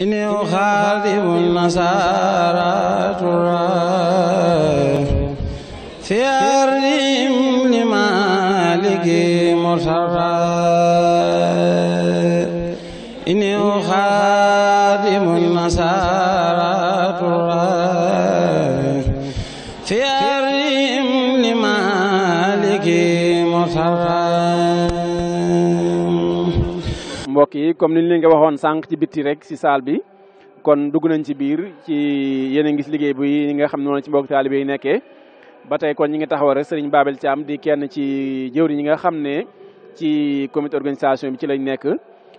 إني أخاذب النصارى ترى في أرضهم لمالك مصرى إني mbokk yi comme niñ leen ko waxoon sànq ci bitti rek si saal bi kon dugg nañ ci biir ci yéen a ngi gis liggéey bi ñi nga xam ne noonu ci mbokk taalibe yi nekkee ba tey kon ñi ngi taxaw rek sëriñ Babel Thiam di kenn ci jëwriñ ñi nga xam ne ci comité organisation bi ci lañ nekk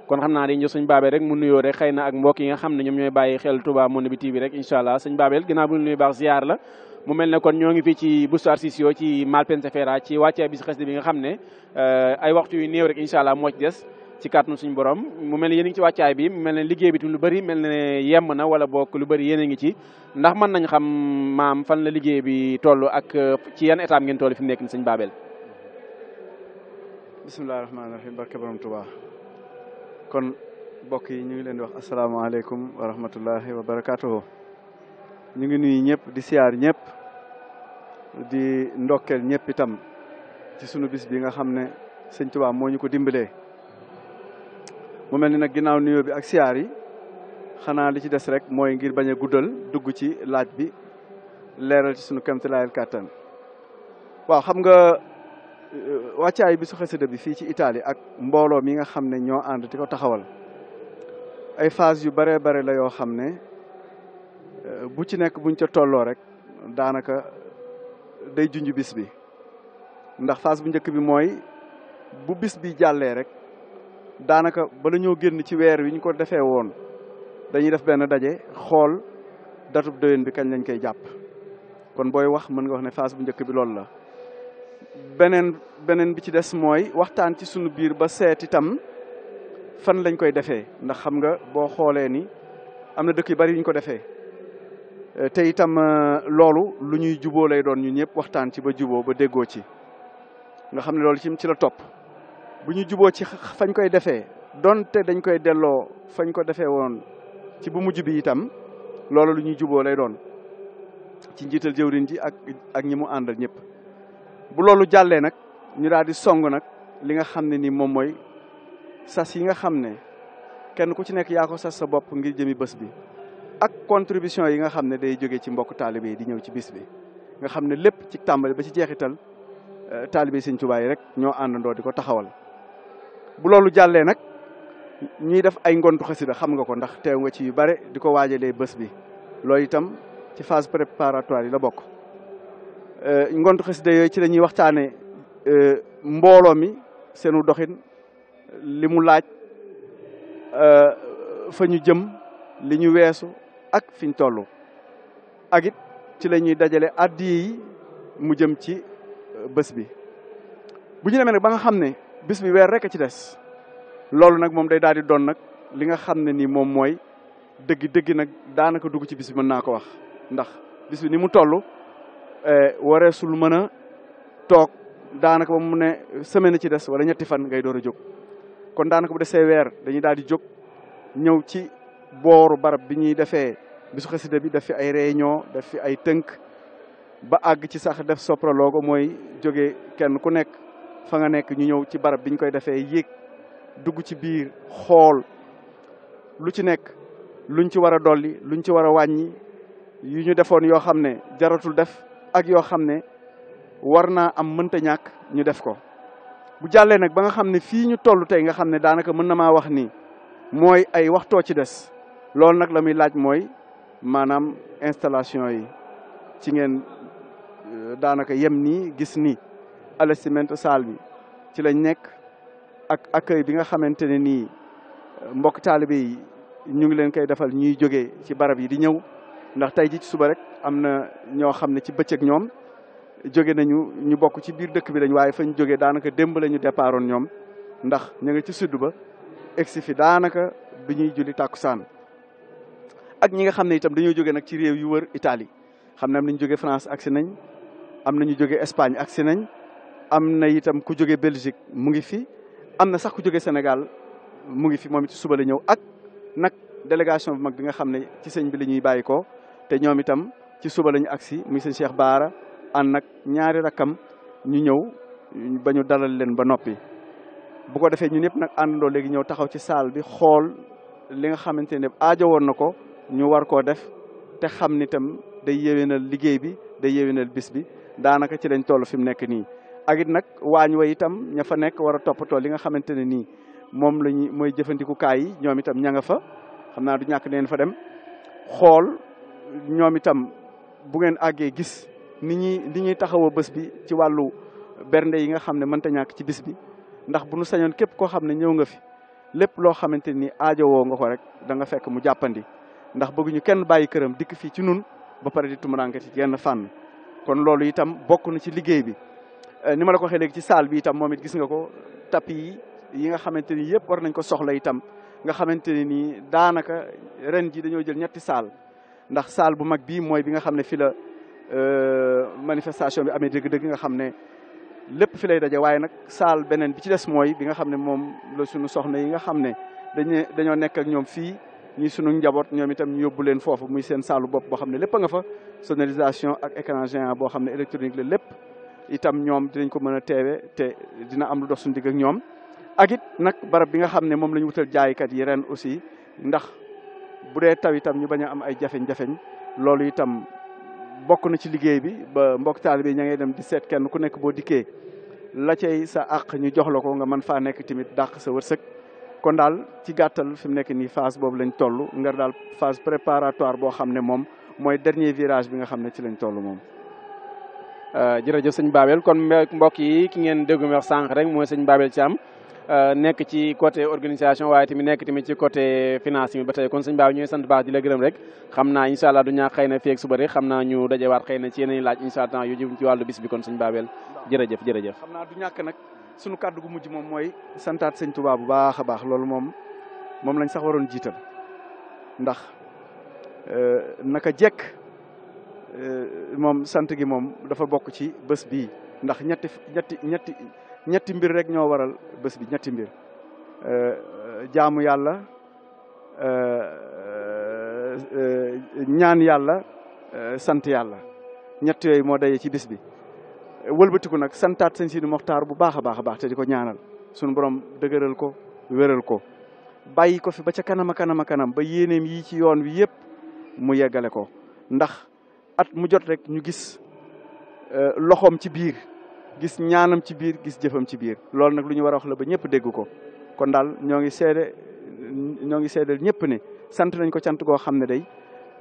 kon xam naa dañ jox sëñ Babel rek mu nuyoo rek xëy na ak mbokk yi nga xam ne ñoom ñooy bàyyi xel Touba Monde bi TV rek incha allah sëñ Babel ginnaaw bu ñu nuyoo baax ziar la mu mel ne kon ñoo ngi fi ci Busto Arsizio ci Malpensa Fiera ci wàccee bis xas bi nga xam ne euh, ay waxtu yu néew rek incha allah moo ci des ci nusin suñu borom mu melni cai ci waccay bi mu mel bi tu lu bari melni yem na wala bok lu bari yéen ngi ci ndax man nañ xam maam fan la liggey bi tollu ak euh, ci yene étape ngeen tollu fi nek ni Babel. bismillahir rahmanir rahim barke borom tuba kon bok yi ñu ngi leen di wax alaykum wa rahmatullahi wa barakatuh ñu ngi nuyu ñepp di siar ñepp di ndokkel ñepp itam ci sunu bis bi nga xamne tuba mu mel ni nag ginnaaw nuyoo bi ak siyaar yi xanaa li ci des rek mooy ngir bañ guddal dugg ci laaj bi leeral ci sunu kéemtalaayal kàttan waaw xam nga euh, wàccaay bi su xasida bi fii ci Italie ak mbooloo mi nga xam ne ñoo ànd di ko taxawal ay phase yu bare bare la yoo xam ne euh, bu ci nekk buñ ca tolloo rek daanaka day junj bis bi ndax phase bu njëkk bi mooy bu bis bi jàllee rek daanaka bala ñoo génn ci weer wi ñu ko defee woon dañuy def benn daje xool datub déwén bi kañ lañ koy jàpp kon booy wax mën nga wax ne phase bu njëkk bi loolu la. beneen beneen bi ci des mooy waxtaan ci sunu biir ba seet itam fan lañ koy defee ndax xam nga boo xoolee ni am na dëkk yu bari yu ñu ko defee eh, te itam eh, loolu lu ñuy juboo lay doon ñu ñëpp waxtaan ci ba juboo ba déggoo ci nga xam ne loolu ci ci la topp. bu ñu juboo ci fañ koy defee donte dañ koy delloo fañ ko defee woon ci bu mujj bi itam loolu lu ñuy juboo lay doon ci njiital jëwriñ ji ak ak ñi mu àndal ñëpp bu loolu jàllee nag ñu daal di song nag li nga xam ne ni moom mooy sas yi nga xam ne kenn ku ci nekk yaa ko sas sa bopp ngir jëmi bés bi ak contribution yi nga xam ne day jóge ci mbokk taalibe yi di ñëw ci bis bi nga xam ne lépp ci tàmbali ba ci jeexital euh, taalibe Sëñ Tuubaa yi rek ñoo àndandoo di ko taxawal bu loolu jàllee nag ñuy def ay ngontu xasida xam nga ko ndax teew nga ci yu bare di ko waajalee bés bi loolu itam ci phase préparatoire yi la bokk euh, ngontu xasida yooyu ci la ñuy waxtaanee euh, mbooloo mi seenu doxin li mu laaj euh, fa ñu jëm li ñu weesu ak fi ñu toll ak it ci la ñuy dajale addiya yi mu jëm ci bés bi bu ñu demee ba nga xam ne bis weer rek a ci des loolu nag moom day daal di doon nag li nga xam ne ni moom mooy dëgg dëgg nag daanaka dugg ci bis bi mën naa ko wax ndax bis ni mu toll eh, wareesul mën a toog daanaka ba mu ne semaine ci des wala ñetti fan ngay door a jóg kon daanaka bu desee weer dañuy daal di jóg ñëw ci booru barab bi ñuy defee bisu xasida bi def fi ay réunion def fi ay tënk ba àgg ci sax def sopraloogo mooy jóge kenn ku nekk fa nga nekk ñu ñëw ci barab biñ koy defee yéeg dugg ci biir xool lu ci nekk luñ ci war a dolli luñ ci war a wàññi yu ñu defoon yoo xam ne jaratul def ak yoo xam ne war naa am mënta ñàkk ñu def ko. bu jàllee nag ba nga xam ne fii ñu toll tey nga xam ne daanaka mën na maa wax ni mooy ay waxtoo ci des loolu nag la muy laaj mooy maanaam installation yi ci ngeen euh, daanaka yem nii gis nii. allestimento salle bi ci lañ nekk ak accueil bi nga xamante ne nii euh, mbokk taalibe yi ñu ngi leen koy defal ñuy jóge ci barab yi di ñëw ndax tey ji ci suba rek am na ñoo xam ne ci bëccëg ñoom jóge nañu ñu bokk ci biir dëkk bi lañ waaye fañ jógee daanaka démb ñu départoon ñoom ndax ñu ngi ci sud ba egsi fi daanaka bi ñuy julli tàkkusaan ak ñi nga xam ne itam dañoo jóge nag ci réew yu wër Italie xam ne am nañu jóge France si nañ am na ñu jóge Espagne agsi nañ am na itam ku jóge Belgique mu ngi fi am na sax ku jóge Sénégal mu ngi fi moom it suba la ñëw ak nag délégation bu mag bi nga xam ne ci sëñ bi la ñuy ko te ñoom itam ci suba lañu ñu agsi muy sëñ Cheikh Baara ànd nag ñaari rakkam ñu ñëw ba ñu dalal leen ba noppi. bu ko defee ñun ñëpp nag àndandoo léegi ñëw taxaw ci saal bi xool li nga xamante ne aajo woon na ko ñu war koo def te xam ni tam day yéwénal liggéey bi day yéwénal bis bi daanaka ci lañ toll fi mu nekk nii. ak it nag waañ wa itam ña fa nekk war a toppatoo li nga xamante ne nii moom la ñuy mooy jëfandikukaay yi ñoom itam ña nga fa xam naa du ñàkk neen fa dem xool ñoom itam bu ngeen àggee gis ni ñi ni ñuy taxawoo bés bi ci wàllu bernde yi nga xam ne mënta ñàkk ci bis bi ndax bu nu sañoon képp koo xam ne ñëw nga fi lépp loo xamante ni aajowoo nga ko rek da nga fekk mu jàppandi ndax bëgguñu kenn bàyyi këram dikk fii ci nun ba pare di tumuraanke ci yenn fànn kon loolu itam bokk na ci liggéey bi Eh, ni ma la ko waxee léegi ci saal bi itam moom it gis nga ko tapis yi yi nga xamante ni yëpp war nañ ko soxla itam nga xamante ne nii daanaka ren ji dañoo jël ñetti saal ndax salle bu mag bii mooy bi nga xam ne fi la eh, manifestation bi amee dëgg-dëgg nga xam ne lépp fi lay daje waaye nag salle beneen bi ci des mooy bi nga xam ne moom la suñu soxna yi nga xam ne dañu dañoo nekk ñoom fii ñu sunu njaboot ñoom itam ñu yóbbu leen foofu muy seen saalu bopp boo xam ne lépp nga fa sonorisation ak écran boo xam ne électronique la lépp itam ñom dinañ ko teve téwé té te dina am lu dox ndig ak ñom ak it nak barab bi nga xamné mom lañu wutal jaay kat yi ren aussi ndax bu taw itam ñu baña am ay jafeñ-jafeñ loolu itam bokku na ci liggéey bi ba mbokk talibé ña dem di sét kenn ku nekk bo diké la cey sa ak ñu jox lako nga man faa nekk timit dakk sa wërsëg kon dal ci gattal fim nekk ni phase bobu lañ tollu ngar dal phase préparatoire bo xamné mom moy dernier virage bi nga xamné ci lañ tollu mom Euh, jërëjëf sëñ Babel kon mbokk yi ki ngeen déggu wax sànq rek mooy sëñ Babel Thiam euh, nekk ci coté organisation waaye tamit nekk tamit ci côté finance mi ba tey kon sëñ Babel ñooy sant baax di la gërëm rek xam naa incha allah du ñaa xëy na fii ak suba rek xam naa ñu dajewaat xëy na ci yeneen laaj incha allah yu jëm ci wàllu bis bi kon sëñ Babel jërëjëf jërëjëf xam naa du ñàkk nag suñu kàddu gu mujj moom mooy santaat sëñ Touba bu baax a baax loolu moom moom lañ sax waroon jiital ndax euh, naka jekk Eh, moom sant gi moom dafa bokk ci bés bii ndax ñetti ñetti ñetti mbir rek ñoo waral bés bi ñetti mbir eh, jaamu yàlla eh, ñaan yàlla sant yàlla ñett yooyu moo daje ci bis bi wëlbatiku nag santaat sëñ Sidi Moxtaar bu baax a baax a baax te di ko ñaanal sunu borom dëgëral ko wéral ko bàyyi ko fi ba ca kanam a kanam ba yéeneem yi ci yoon wi yëpp mu yeggale ko ndax at mu jot rek ñu gis euh, loxom ci biir gis ñaanam ci biir gis jëfëm ci biir lool nak luñu wara wax la ba ñepp dégg ko kon dal ñoo sédé seede ñoo ñepp ne sant nañ ko cant go xam day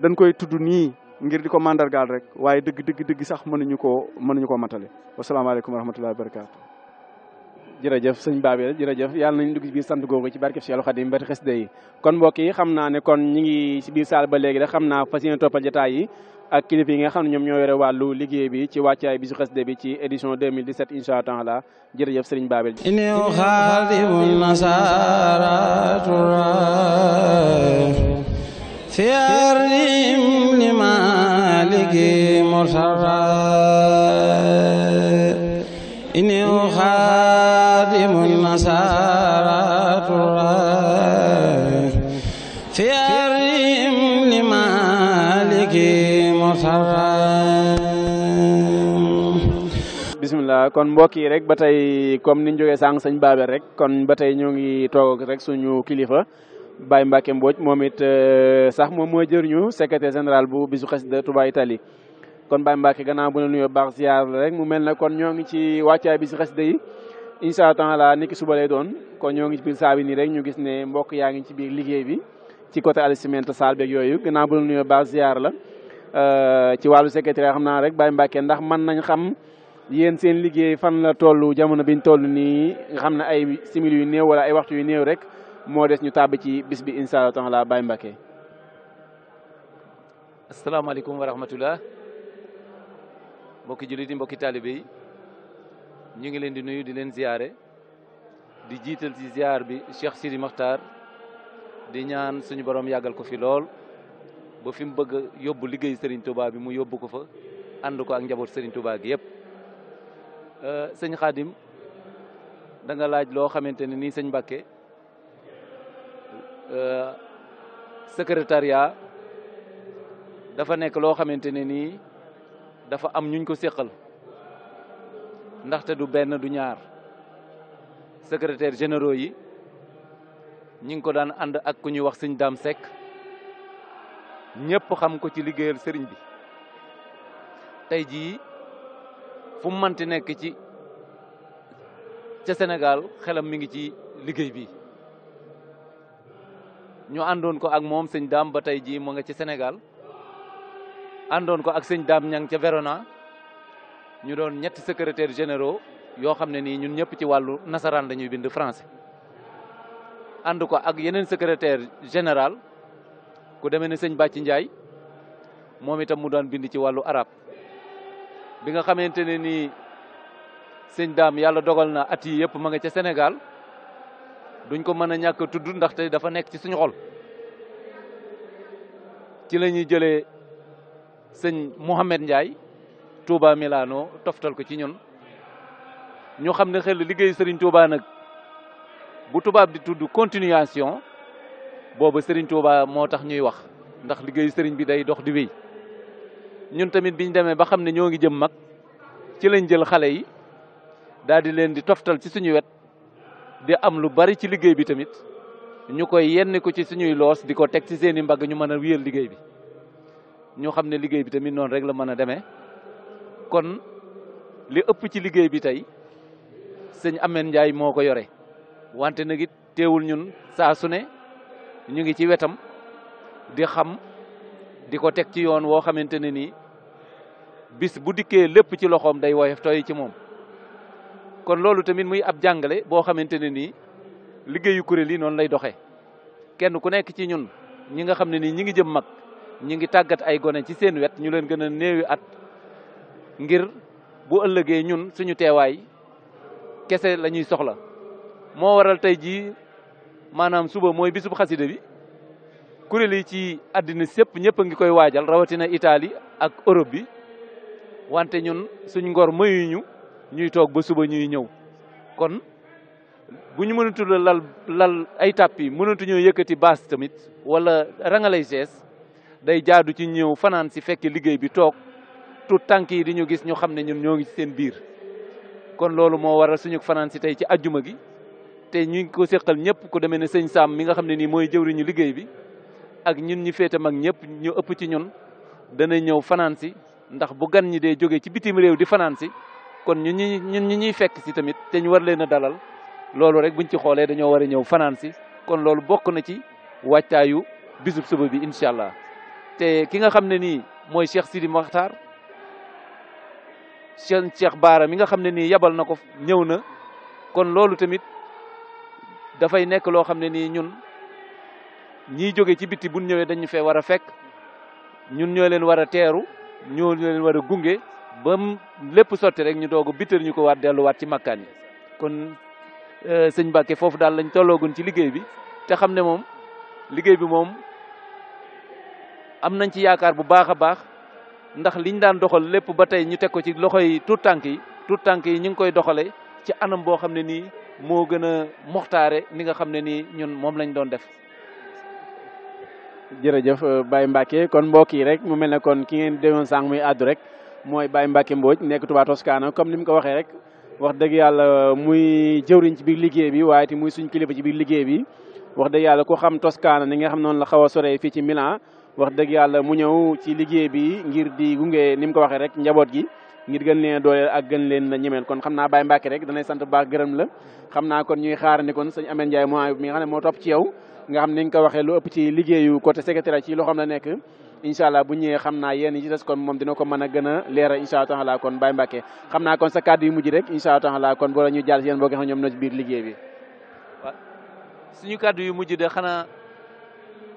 dañ koy tuddu ni ngir diko ko gal rek waye deug deug deug sax mënuñu ko mënuñu matale wasalaamaaleykum wa rahmatullahi wa barakaatu jërëjëf sëñ Babel jërëjëf yalla nañ dugg ci biir sant googu ci barkeb Seexul Xadim day kon mbokk yi xamna ne kon ñi ngi ci biir saal ba légui da xamna topal jotaay yi ak kilifa yi nga xam ne ñoom ñoo yore wàllu liggéey bi ci wàccaay bi su xasde bi ci édition 2017 incha allah jërëjëf Serigne Babel. inni uxaadibu nasara fi ardim li maliki mursara inni uxaadibu nasara kon mbokk yi rek ba tey comme ñu jógee sànq sëñ Babel rek kon ba tey ñoo ngi toog rek suñu kilifa Baye Mbacke Mbodj moom it euh, sax moom mooy jëriñu secrétaire général bu bisu xasida Touba Italie kon Baye Mbacke gannaaw bu la nuyoo baax ziar la rek mu mel na kon ñoo ngi ci wàccaay bisu xasida yi incha allah niki suba lay doon kon ñoo ngi ci biir saa bi nii rek ñu gis ne mbokk yaa ngi ci biir liggéey bi ci côté Alcimenta Sall beeg yooyu gannaaw bu la nuyoo baax la euh, ci wàllu secrétaire xam naa yéen seen liggéey fan la toll jamono biñ toll nii xam na ay simili yu néew wala ay waxtu yu néew rek moo des ñu tàbb ci bis bi incha allah taala Baye Mbacké. asalaamaaleykum wa rahmatullah mbokki jullit yi mbokki taalibe ñu ngi leen di nuyu di leen ziare di jiital ci ziar bi Cheikh Sidi Makhtar di ñaan suñu borom yàggal ko fi lool ba fi mu bëgg yóbbu liggéey Serigne Touba bi mu yóbbu ko fa ànd ko ak njaboot Serigne Touba gi yëpp. Euh, senyakadim khadim da nga laaj lo xamanteni ni nii mbacke euh secrétariat dafa nek lo xamanteni ni dafa am ñuñ ko séqal ndaxte du ben du ñaar secrétaire généraux yi ñing ko daan and ak ku ñu wax dam sek ñepp xam ko ci liggéeyal bi tay ji fu mu mënti nekk ci ca Sénégal xelam mi ngi ci liggéey bi ñu andon ko ak mom seigne dam ba ji jii mu nga ci Sénégal andon ko ak seigne dam ñang ci Verona ñu doon ñetti secrétaire généraux yo xam ni ñun ñëpp ci walu nasaran dañuy bind français and ko ak yenen secrétaire général ku démé ne seigne bacci ndjay moom itam mu doon bind ci walu arab bi nga xamante ne nii sëñ daam yàlla dogal na at yi yëpp ma nga ca Sénégal duñ ko mën a ñàkk a tudd ndaxte dafa nekk ci suñu xol ci la ñuy jëlee sëñ Mouhamed Ndiaye Touba Milano toftal ko ci ñun ñu xam ne xel liggéey Serigne Touba nag bu tubaab di tudd continuation booba Serigne Touba moo tax ñuy wax ndax liggéey Serigne bi day dox di wéy. ñun tamit biñ demee ba xam ne ñoo ngi jëm mag ci lañ jël xale yi daal di leen di toftal ci suñu wet di am lu bari ci liggéey bi tamit ñu koy yenn ko ci suñuy loos di ko teg ci seeni i mbagg ñu mën a wéyal liggéey bi ñu xam ne liggéey bi tamit noonu rek la mën a demee kon li ëpp ci liggéey bi tey sëñ Amène njaay moo ko yore wante nag teewul ñun saa su ne ñu ngi ci wetam di xam di ko teg ci yoon woo xamante ne nii bis bu dikkee lépp ci loxoom day woyof toy ci moom kon loolu tamit muy ab jàngale boo xamante ne nii liggéeyu kuréel yi noonu lay doxee kenn ku nekk ci ñun ñi nga xam ne nii ñi ngi jëm mag ñi ngi tàggat ay gone ci seen wet ñu leen gën a néewi at ngir bu ëllëgee ñun suñu teewaay kese la ñuy soxla moo waral tey jii maanaam suba mooy bisub xasida bi kuréel yi ci àddina sépp ñëpp a ngi koy waajal rawatina Italie ak Europe bi wante ñun suñ ngor mayuñu ñuy toog ba suba ñuy ñëw kon bu ñu mënatul lal lal ay tapis mënatuñoo yëkkati baas tamit wala rangalay gees day jaadu ci ñëw fanaan si fekk liggéey bi toog tout tànk yi di ñu gis ñu xam ne ñun ñoo ngi ci seen biir kon loolu moo waral suñu fanaan si tey ci ajjuma gi te ñu ngi ko séqal ñëpp ku demee ne sëñ Sam mi nga xam ne nii mooy jëwriñu liggéey bi ak ñun ñi féete mag ñëpp ñu ëpp ci ñun dana ñëw fanaan si ndax bu gan ñi de jóge ci bitim réew di fanaan si kon ñun ñi ñun ñi ñuy fekk si tamit te ñu war leen a dalal loolu rek buñ ci xoolee dañoo war a ñëw fanaan si kon loolu bokk na ci wàccaayu bisub suba bi incha allah te ki nga xam ne nii mooy Cheikh Sidi Mokhtar seen Cheikh Baara mi nga xam ne nii yabal na ko ñëw na kon loolu tamit dafay nekk loo xam ne nii ñun ñi jóge ci biti bu ñu ñëwee dañu fee war a fekk ñun ñoo leen war a teeru ñoo leen war a gunge bam lépp sotti rek ñu doogo a bittër ñu ko waat delluwaat ci makkaan yi kon euh, sëñ Mbàkke foofu daal lañ tolloogun ci liggéey bi te xam ne moom liggéey bi moom am nañ ci yaakaar bu baax a baax ndax liñ daan doxal lépp ba tey ñu teg ko ci loxo yi tuut tànk yi tuut tànk yi ñu ngi koy doxalee ci anam boo xam ne nii moo gën a moxtaare ni nga xam ne nii ñun moom lañ doon def jërëjëf euh, Baye Mbacke kon mbokk yi rek mu mel ne kon ki ngeen déggoon sànq muy àddu rek mooy Baye Mbacke mbooj nekk Touba Toscana comme ni mu ko waxee rek wax dëgg yàlla muy jëwriñ ci biir liggéey bi waaye muy suñ kilifa ci biir liggéey bi wax dëgg yàlla ku xam Toscana ni nga xam noonu la xaw a soree fii ci Milan wax dëgg yàlla mu ñëw ci liggéey bi ngir di gunge ni mu ko waxee rek njaboot gi ngir gën leen dooleel ak gën leen la ñemeel kon xam naa Baye Mbacke rek danay sant baax gërëm la xam naa kon ñuy xaara ni kon sëñ Amène Ndiaye mi nga xam ne moo topp ci yow nga xam ni nga ko waxee lu ëpp ci liggéeyu côté secrétaire ci loxoom la nekk incha allah bu ñëwee xam naa yéen ci des kon moom dina ko mën a gën a leeral incha allah taala kon Baye Mbacke xam naa kon sa kàddu yu mujj rek incha allah taala kon boo la ñu jàll si yéen boo xam ñoom na ci biir liggéey bi suñu kàddu yu mujj de xanaa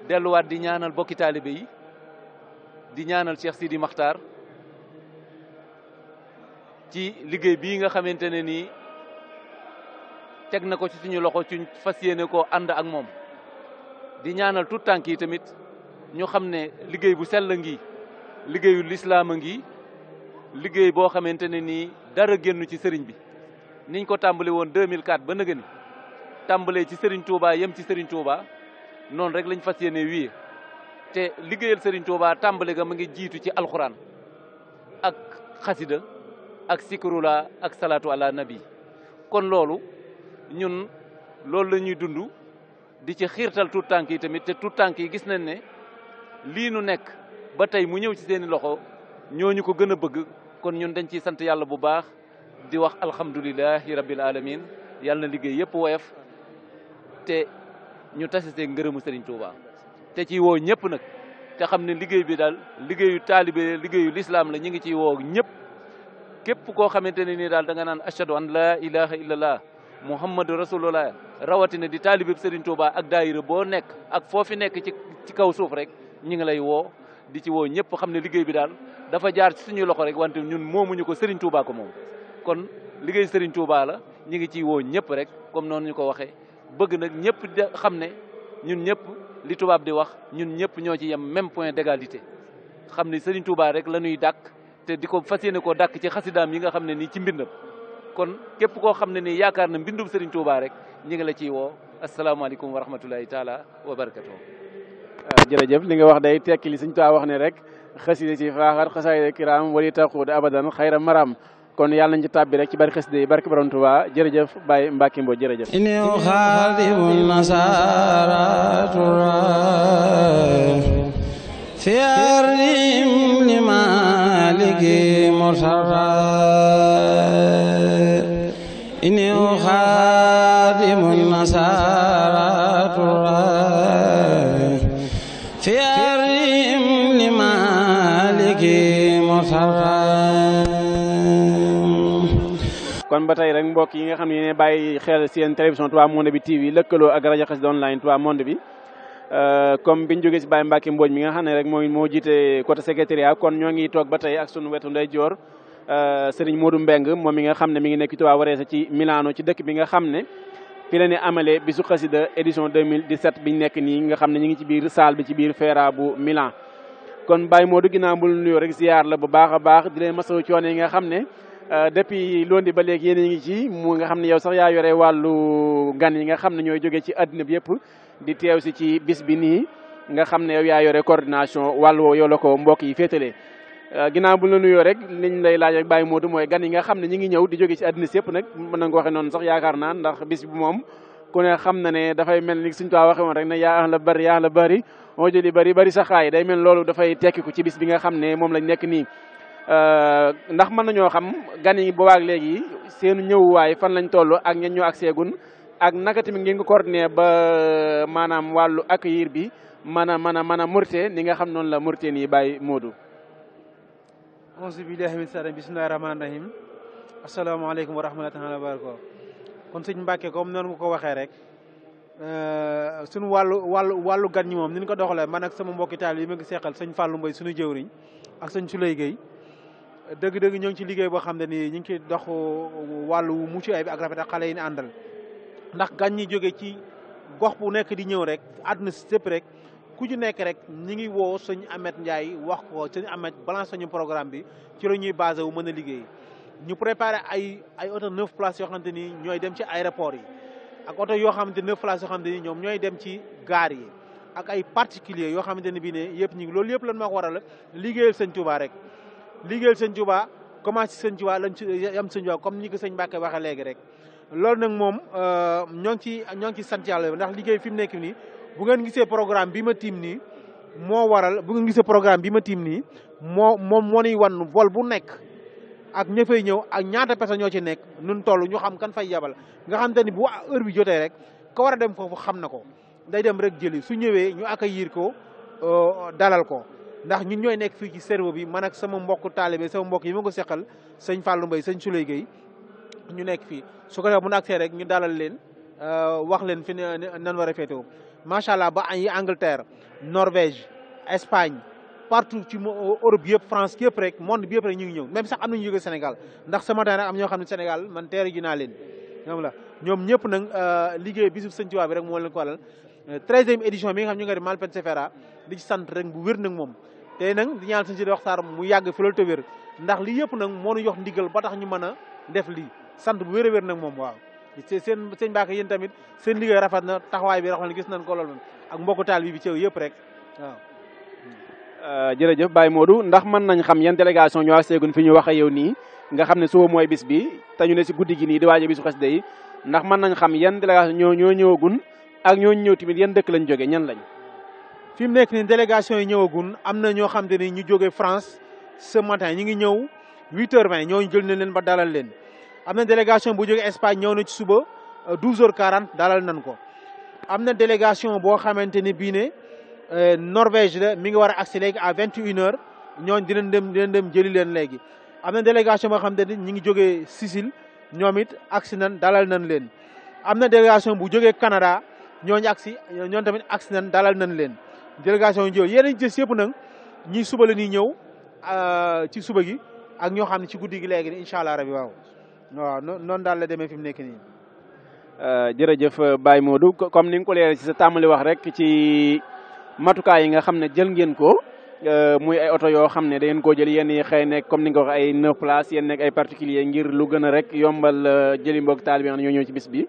delluwaat di ñaanal bokki taalibe yi di ñaanal Cheikh Sidi Makhtar ci liggéey bi nga xamante ne nii teg na ko ci suñu loxo ci fas yéene koo ak moom di ñaanal tout tànk yi tamit ñu xam ne liggéey bu sell ngi liggéeyu lislaam a ngi liggéey boo xamante ne nii dara génn ci sëriñ bi niñ ko tàmbali woon 2004 ba nëgëni tàmbalee ci sëriñ Touba yem ci sëriñ Touba noonu rek lañ fas yéene wii te liggéeyal sëriñ Touba tàmbale ga ma ngi jiitu ci alxuraan ak xasida ak sikurula ak salaatu ala nabi kon loolu ñun loolu la ñuy dund di ci xiirtal tuut tànk yi tamit te tuut tànk yi gis nañ ne lii nu nekk ba tey mu ñëw ci seeni loxo ñooñu ko gën a bëgg kon ñun dañ ciy sant yàlla bu baax di wax alhamdulilahi rabbil alamin yàlla na liggéey yëpp woyof te ñu tasi see ngërëmu Serigne Touba te ci woo ñëpp nag te xam ne liggéey bi daal liggéeyu taalibe liggéeyu lislaam la ñu ngi ciy woo ñëpp képp koo xamante ne nii daal da nga naan ashadu an laa ilaha illallah muhammadu rasulullah rawatina di taalibib Serigne Touba ak daayira boo nekk ak foo fi nekk ci ci kaw suuf rek ñi ngi lay woo di ci woo ñëpp xam ne liggéey bi daal dafa jaar ci suñuy loxo rek wante ñun moomuñu ko Serigne Touba ko moom. kon liggéey Serigne Touba la ñi ngi ciy woo ñëpp rek comme noonu ñu ko waxee bëgg nag ñëpp xam ne ñun ñëpp li tubaab di wax ñun ñëpp ñoo ci yem même point d'égalité xam ne Serigne Touba rek la ñuy dàkk te di ko fas yéene koo dàkk ci xasidaam yi nga xam ne nii ci mbindam. kon képp koo xam ne nii yaakaar na mbindum Serigne Touba rek ñi ngi la ciy woo asalaamaaleykum wa rahmatulahi taala wa barakatu euh, jërëjëf li nga wax day tekki li Serigne Touba wax ne rek xasida ci faaxar xasaayid kiram wali taquud abadan xayra maram kon yàlla nañu ci tàbbi rek ci barke xasida yi barke borom Touba jërëjëf Baye Mbacke Mbow jërëjëf inew xaadimu nasaratura في أرضهم لمالك مرتضى إني أخادم النصارى في أرهم لمالك مصرى kon ba tey rek mbokk yi nga xam ne ne bàyyi xel seen télévision Touba Monde bi TV lëkkaloo ak rajo Xassida online Touba Monde bi euh, comme bi jógee si Baye mbakki mbooj mi nga xam ne rek mooy moo jiite côté secrétariat kon ñoo ngi toog ba tey ak sunu wetu ndeyjoor Euh, sëriñ Modou Mbeng moom mi nga xam ne mi ngi nekk Tuubaa Wareesa ci Milano ci dëkk bi nga xam ne fi la ne amalee bisu xasida édition 2017 biñ nekk nii nga xam ne ñu ngi ci biir salle bi ci biir Fera bu Milan. kon Baye Modou ginnaaw bu nuyoo rek ziar la bu baax a baax di leen masawu coono yi nga xam ne euh, depuis lundi ba léegi yéen a ngi ci mu nga xam ne yow sax yaa yore wàllu ngan yi nga xam ne ñooy jógee ci àddina bi yëpp di teew si ci bis bi nii nga xam ne yow yaa yore coordination wàllu woo la ko mbokk yi féetalee. Euh, ginaaw bu la nuyo rek niñ lay laaj ak Baye Modou moy gan yi nga xamne ñi ngi ñew di jóge ci aduna sepp nak mën nañ ko waxe non sax yaakar na ndax bis bu mom ku ne xam na ne da fay melni señ taw waxe won rek ne ya la bari ya ahla bari o jeli bari bari saxaay day mel da fay tekki ku ci bis bi nga xamne mom lañ nek ni euh ndax mën nañoo xam gan yi boobaak legi seenu way fan lañ tollu ak ñen ñu ak ak naka ngeen ko coordiner ba manam walu accueillir bi mana a mana murté murte ni nga xam non la murte ni Baye Modou auzu billahi min satan bismillahi rahmaani rahim asalaamaaleykum wa rahmatullahi wa barakatuh kon suñ Mbàkke comme noonu nga ko waxee rek euh, suñu wàllu wàllu wàllu gan ñi moom ni ñu ko doxalee man ak sama mbokki taal yi ma ngi seqal sëñ Fallou Mbaye suñu jëwriñ ak sëñ Souley Gueye dëgg-dëgg ñoo ngi ci liggéey boo xam ne nii ñu ngi ciy dox wàllu mucc ay bi ak rafet ak xale yi àndal ndax gan ñi jóge ci gox bu nekk di ñëw rek àdduna si sépp rek ku ci nekk rek ñi ngi woo sëñ Amet Ndiaye wax ko sëñ Amet balance ñu programme bi ci la ñuy basé wu mën a liggéey ñu préparé ay ay oto neuf places yoo xamante ni ñooy dem ci aéroport yi ak oto yoo xamante neuf places yoo ni ñoom ñooy dem ci gaar yi ak ay particulier yoo xamante ne bii ne yëpp ñu ngi loolu yëpp la moo ko waral liggéeyal sëñ Touba rek liggéeyal sëñ Touba commence seen Touba lañ ci yam sëñ Touba comme ni ko sëñ Mbacke waxee léegi rek loolu nag moom euh, ñoo ngi ci ñoo ngi ci sant yàlla ndax liggéey fi mu nekk nii bu ngeen gisee programme bi ma tiim nii moo waral bu ngeen gisee programme bi ma tiim nii moo moom moo ñuy wan vol bu nekk ak ña ñëw ak ñaata personnes ñoo ci nekk nun toll ñu xam kan fay yabal nga xam te ni bu heure bi jotee rek ka war a dem foofu xam na ko day dem rek jëli su ñëwee ñu yiir ko euh, dalal ko ndax ñun ñooy nekk fii ci cerveau bi man ak sama mbokk taalibe sama mbokk yi ma ko seqal sëñ Fallou Mbaye sëñ Souley Gueye ñu nekk fii su ko defee bu ñu agsee rek ñu dalal leen euh, wax leen fi nan war a féetewoo macha ba ay Angleterre Norvège Espagne partout ci Europe yëpp France yëpp rek monde bi yëpp rek ñu ngi ñëw même sax am nañu jóge Sénégal ndax sama tane am ñoo xamni Sénégal man teeru ji na leen ñom la ñoom ñëpp euh liggéey bisub señtu wa bi rek mo leen ko walal 13e euh, édition mi nga xam ñu nga di Malpenséfera di ci sant rek bu wër nak mom té nak di ñaan señtu di wax waxtaan mu yagg fi loolu te wér ndax li yëpp nak mo ñu jox ndigal ba tax ñu mëna def li sant bu wér a nak mom waaw seen sëñ Mbacke yéen tamit seen liggéey rafet na taxawaay bi rafet na gis nañ ko loolu ak mbokku taal bi bi ceew yëpp rek waaw. Euh, jërëjëf Baye Modou ndax mën nañ xam yan délégation ñoo seegun fi ñu wax ak nii nga xam ne suba mooy bis bi te ne si guddi gi nii di waaje bisu ndax man nañ xam yan délégation ñoo ñoo ñëwagun ak ñoo ñëw tamit yan dëkk lañ jógee ñan lañ. fi nekk nii délégation yi ñëwagun am na ñoo xam te ñu jógee France ce matin ñu ngi ñëw 8h20 ñoo jël na leen ba dalal leen am na délégation bu jógee Espagne ñëw na ci suba 12h40 euh, dalal nan ko am na délégation boo xamante ni bii ne euh, Norvège la mi ngi war a agsi léegi à 21h ñooñ dinañ dem dinañ dem jëli leen léegi. am na délégation boo xamante ni ñi ngi jógee Sicile ñoom it agsi nan dalal nan leen am na délégation bu jógee Canada ñooñu agsi ñoom tamit agsi nan dalal nan leen délégation yu jógee yeneen jës yëpp nag ñi suba la ñuy ñëw euh, ci suba gi ak ñoo xam ne ci guddi gi léegi incha allah rabi waaw. waaw noonu daal la demee fi mu nekk nii. Euh, jërëjëf euh, Baye Modou comme ni nga ko leeral ci sa tàmbali wax rek ci matukaay yi nga xam ne jël ngeen ko euh, muy ay oto yoo xam ne dangeen ngeen koo jël yenn yi xëy nekk comme ni nga ko wax ay neuf places yenn nekk ay particulier ngir lu gën a rek yombal jëli mbokk taal bi nga xam ñëw ci bis bi.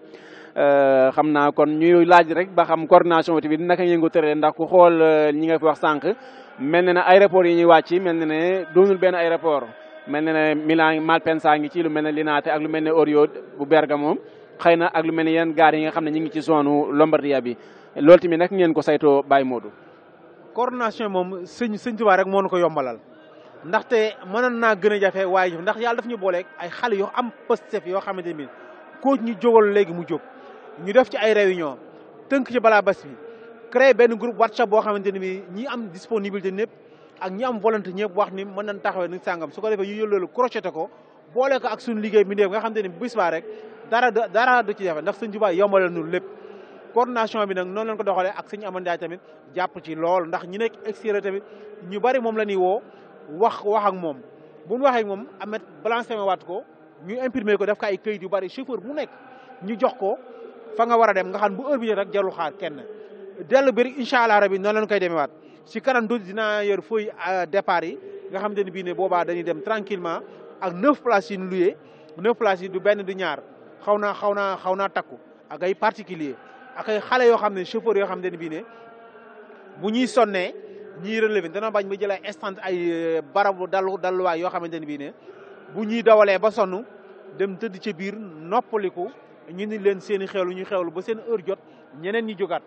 xam naa kon ñuy laaj rek ba xam coordination bi naka ngeen ko tëree ndax ku xool ñi nga fi wax sànq mel na ne aéroport yi ñuy wàcc mel na ne doonul benn aéroport. mel na ne Milan Malpensa ngi ci lu mel ne Linate ak lu mel ne Orio bu Bergamo xëy na ak lu mel ne yeneen gaar yi nga xam ne ñu ngi ci zone Lombardia bi loolu tamit nag ngeen ko saytoo Baye Modou. coordination moom sëñ sëñ Tuubaa rek moo nu ko yombalal ndaxte mënoon naa gën a jafe waaye ndax yàlla daf ñu booleeg ay xale yoo am Pastef yoo xamante ni koo ñu jógal léegi mu jóg ñu def ci ay réunion tënk ci balaa bas bi créé benn group WhatsApp boo xamante ne bi ñi am disponibilité ñëpp. ak ñi am volonté ñëpp wax ni mën nañ taxawee ni sàngam su ko defee ñu yëlloolu crocheté ko boole ko ak suñu liggéey bi nga xam te ne bis baa rek dara dara du ci jafe ndax sëñ Tuubaa yombalal nu lépp coordination bi nag noonu leen ko doxalee ak sëñ Amane Ndiaye tamit jàpp ci lool ndax ñi nekk extérieur tamit ñu bari moom la ñuy woo wax wax ak moom bu ñu waxee moom amet balancé ma waat ko ñu imprimer ko def ko ay këyit yu bari chauffeur bu nekk ñu jox ko fa nga war a dem nga xam bu heure bi rek jarul xaar kenn dellu bi rek allah rabi noonu leen koy demee waat si kanam tuuti dinaa yor feuille euh, départ yi nga xam te ne bii ne boobaa dañuy dem tranquillement ak neuf places yi ñu luyee neuf places yi du benn du ñaar xaw naa xaw naa xaw naa takku ak ay particulier ak ay xale yoo xam ne chauffeur yoo xam ne bii ne bu ñuy sonnee ñiy relevé dana bañ ba jël ay stand euh, barabu dalu dalluwaay yoo xamante ne bii ne bu ñuy dawalee ba sonn dem tëdd ca biir noppaliku ñu ni leen seen i xewlu ñu xewlu ba seen heure jot ñeneen ñi jógaat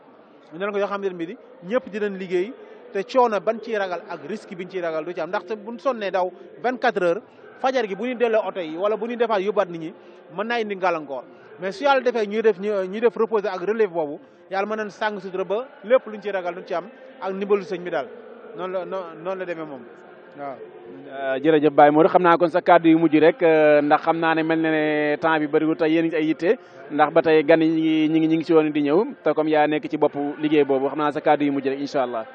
ñeneen ko yoo xam ne bii ñëpp dinañ liggéey te coono ban ciy ragal ak risque biñ ciy ragal du ci am ndaxte buñ sonnee daw 24 heures fajar gi bu ñu delloo oto yi wala bu ñu defaa yóbbaat nit ñi mën naa indi gàllankoor mais su yàlla defee ñuy def ñuy def reposer ak relève boobu yàlla mën nañ sàng sutura ba lépp luñ ciy ragal du ci am ak ndimbalu sëñ bi daal noonu la noonu la demee moom waaw. Euh, jërëjëf Baye Modou xam naa kon sa kàddu yu mujj rek euh, ndax xam naa ne mel na ne temps bi bëriwul te yéen ay yitte ndax ba te gan yi ñu ngi ñu ngi di ñëw te comme yaa nekk ci bopp liggéey boobu xam naa sa kàddu yu mujj rek incha allah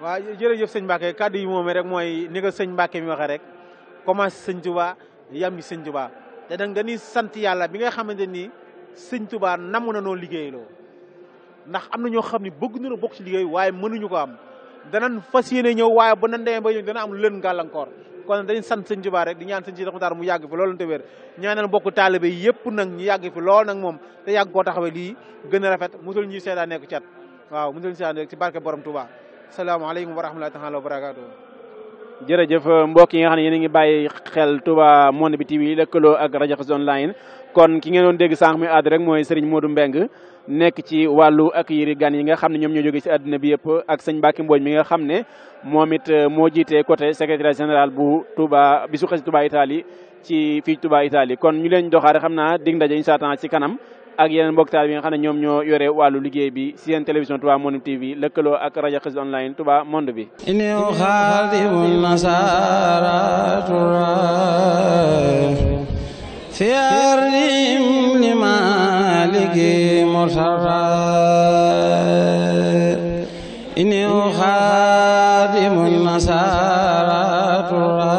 waaw jërëjëf sëñ Mbacke kàddu yi moom rek mooy ni ko sëñ Mbacke mi waxee rek commencé sëñ Touba yam yi sëñ Touba te nag sant yàlla bi nga xamante ni sëñ Touba namu na noo liggéeyloo ndax am na ñoo xam ne bëgg nañu bokk ci liggéey waaye mënuñu ko am danañ fas yéene ñëw waaye ba nan demee ba ñëw dana am lën gàllankoor kon dañuy sant sëñ Touba rek di ñaan sëñ si daxma daar mu yàgg fi loolu te wér ñaanal bokk taalibe yëpp nag ñu yàgg fi lool nag moom te yàgg koo taxawee lii gën a rafet musul ñuy seedaa nekk cat waaw musul ñuy seedaa nekk ci barke salaamaaleykum wa rahmatulah taala wa barakaatu. jërëjëf mbokk yi nga xam ne yéen a ngi bàyyi xel Touba Monde bi TV lëkkaloo ak rajo Xassida online kon ki ngeen doon dégg sànq mi àdd rek mooy Serigne Modou Mbeng nekk ci wàllu accueillir gan yi nga xam ne ñoom ñoo jóge si addina bi yëpp ak sëñ Mbacke Mbodj mi nga xam ne moomit it euh, moo jiite côté secrétaire général bu Touba bisu xasi Touba Italie ci fii Touba Italie kon ñu leen joxaare xam naa dig ndaje incha allah ci kanam. ak yeneen mbokk taal bi nga xam ne ñoom ñoo yore wàllu liggéey bi si seen télévision Touba Monde TV lëkkaloo ak rajo Xis online Touba Monde bi iniw xaadimu nasara tura fi arnim li maliki mursara iniw xaadimu nasara tura